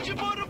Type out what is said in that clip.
Acı boru